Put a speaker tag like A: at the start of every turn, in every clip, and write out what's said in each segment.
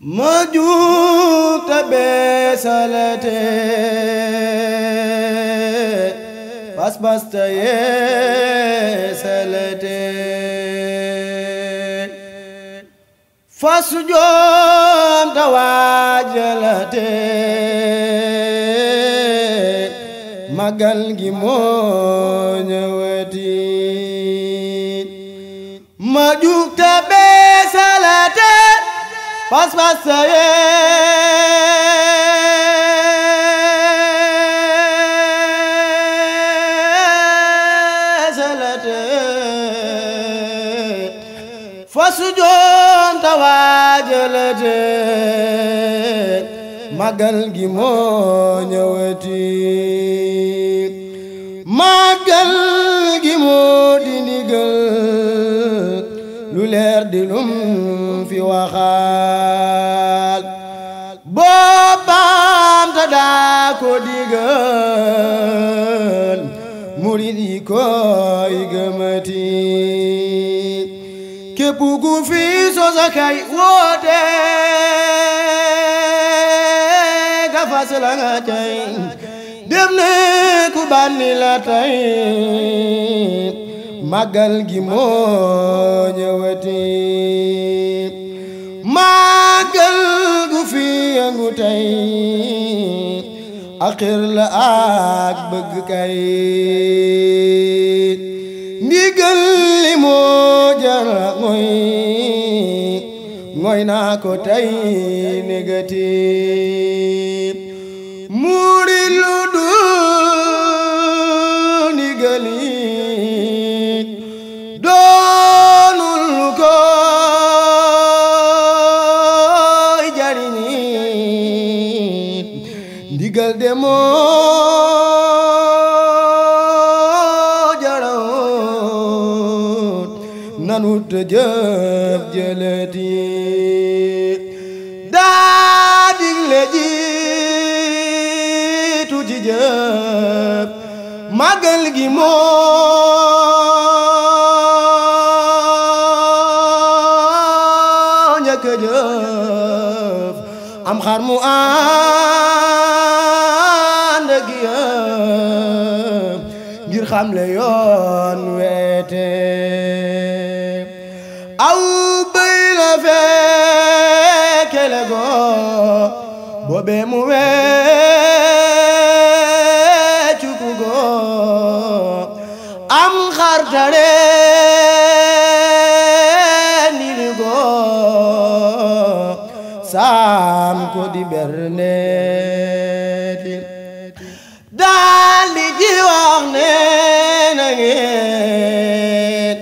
A: مجوت بسلتي بس بس تيسلتي فسجون تواجلتي مقل جمون وتي مجوت بسلتي pas-pas yee selete fa sujjoon tawaajalete magal gi moo ñëwati magal gi moo di ndigal lu leer di lum fi waxaal boppam te daa ko digal murid yi koy gëmati képp ku fi sosa kay woote ga fas la nga cay dem ne ku bànni la tey màggal gi moo ñëwati màggal gu fi yëngu tey axir la ak bëgg kay ndigal li moo jara mooy mooy naa ko tey négati mustajab jalati daa digle jiitu ci jëf gi moo a jëf am xar mu ànd ak yëf ngir xamle yoon weete fekkele goo boobee mu weecu ku am xartare nili goo saam ko di berneeti daal di ji wax na ngeen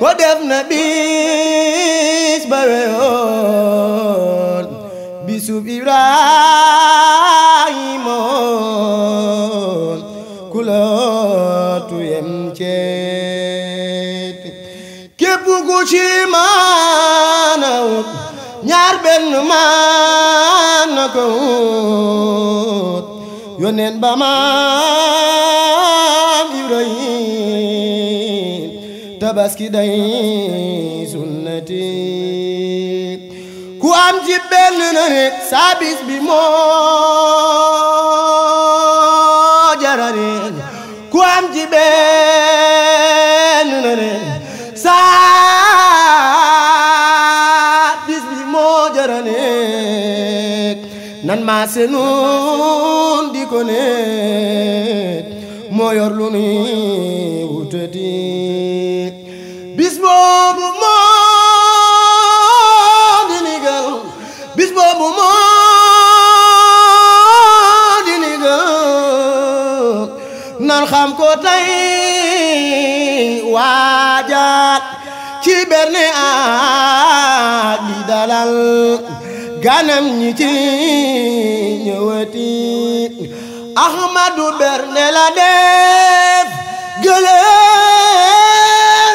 A: ko def na bi teewewoon bisub Ibrahima woon ku lootu yem ceeti képp ku ci maanawut ñaar benn maana ko wut yónneen ba maam Ibrahima tabaski day sunnati ku am ci benn saabis bi moo jarane ku am ci benn na saabis bi moo jarane nan se nun di ko moo yor lu ni bis boobu moo di ni gëm nan xam ko tey waajaat ci berne aat di dalal ganam ñi ci ñëwati ahmadu berne la def gëlee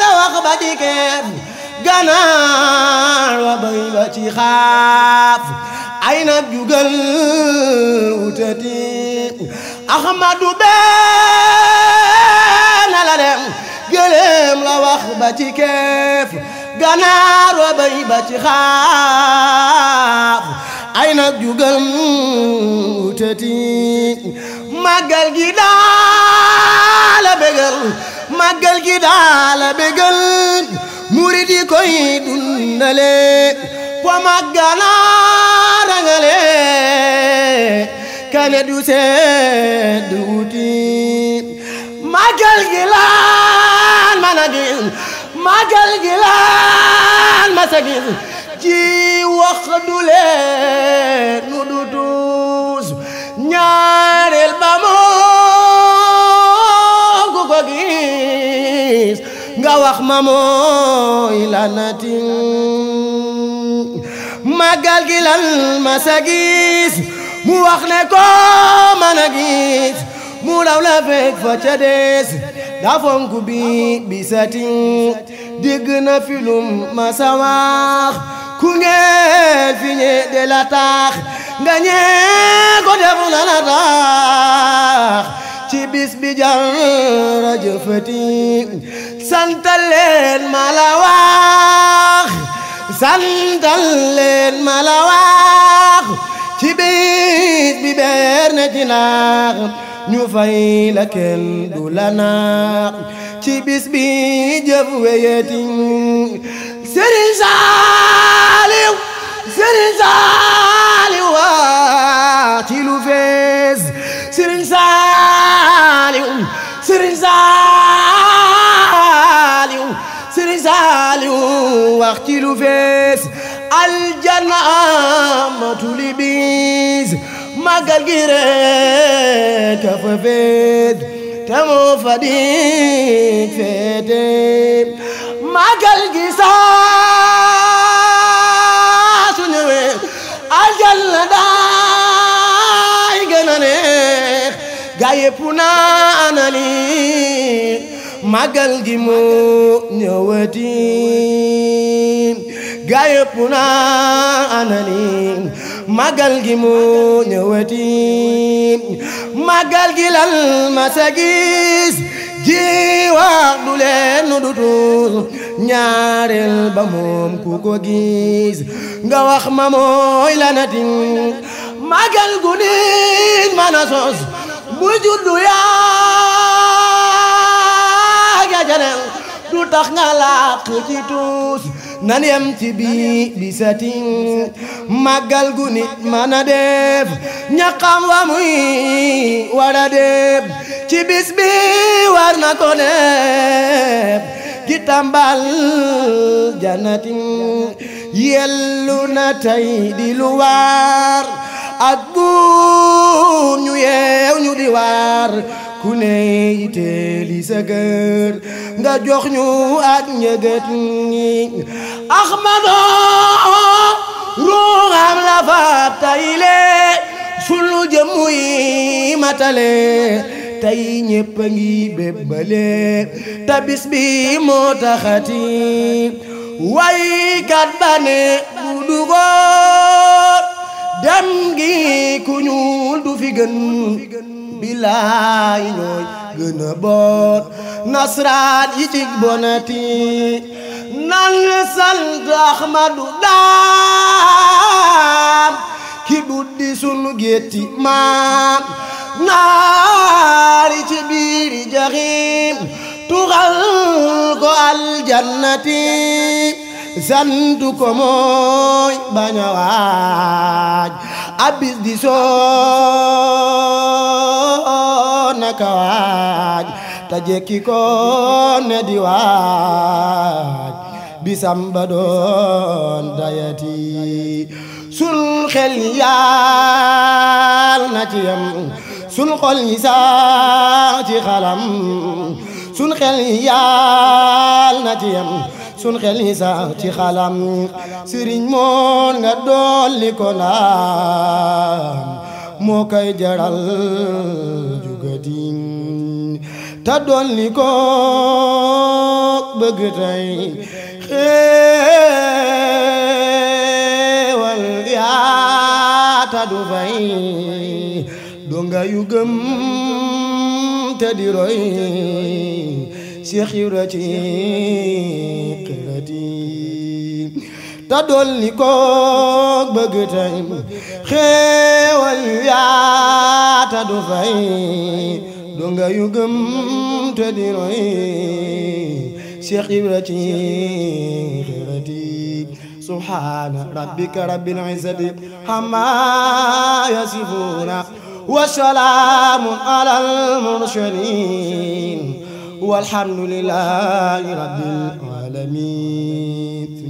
A: la wax ba jikeem ganaar wa bay ba xaaf ay na jugal wutati ahmadu benn la dem gëléem la wax ba keef ganaar wa bay ba xaaf ay na jugal wutati màggal gi daala bégal màggal gi daala bégal koy dundale po maggala rangale kane du sedd wuti magal gi laan mana gis magal gi laan masa gis ci wax du leen nu du wax ma mooy lanati màggal gi lan ma sa mu wax ne ko mën a gis mu raw la fekk fa ca des daa fonk bi bisati dégg na filum ma sa ku ngeen fi ñe de la nga ñee ko defu na ci bis bi jar a jëfati santal leen ma la wax santal leen ma la wax ci biis bi beer na ci ñu fay la kenn du la naax ci bis bi jëf weyeti Serigne Saliou Serigne Saliou wax ci lu fees aljana matul ibis magal gi rek a fa feet te moo fa dik feete magal gi saa su ñëwee aljana daay gën a neex gaa yépp naa anani magal gi moo ñëwati gaa yëpp naa anani magal gi moo ñëwati magal gi lal masa gis ji nu dutul ñaareel ba moom ku ko nga wax ma mooy lanatin magal gu nit mana sos bu juddu dajaleel du tax nga làq ci tuus nan yem ci bii bi satin màggal gu nit mën a def ñaqam wa muy war a ci bis war na ko def ki tambal janatin yellu na tey di lu waar ak ñu yeew ñu di waar ku ne iteeli sa nga jox ñu ak ñëgët ñi Ahmadu ruuxam la faat tayle sunu jëmmu yi matale tey ñépp ngi bébbale te bis bi moo taxati waykat ba ne bu dugoor dem gi ku ñuul du fi gën bilaay ñooy gën boot nasraan yi ci bonati nan sant Ahmadu daam ki buddi sunu gétti maam naari ci biiri jaxiim tuxal ko aljannati sant ko mooy abis di soo ka waaj te jekki ko ne di bisam ba doon dayati sun yaal na ci yam sun ci xalam sun xel ci xalam sëriñ moon nga dolli ko naam moo koy jaral ta dolli ko bëgg tey xéewal yaa ta du fay donga yu te di roy Seex Ibra ci ta dolli ko bëgg tey xéewal yaa ta du fay donga yu gëm te di roy Cheikh Ibra ci xirati subhana rabbika rabbil izzati amma yasifuna wa salaamun alal mursalin walhamdulillahi rabbil alamin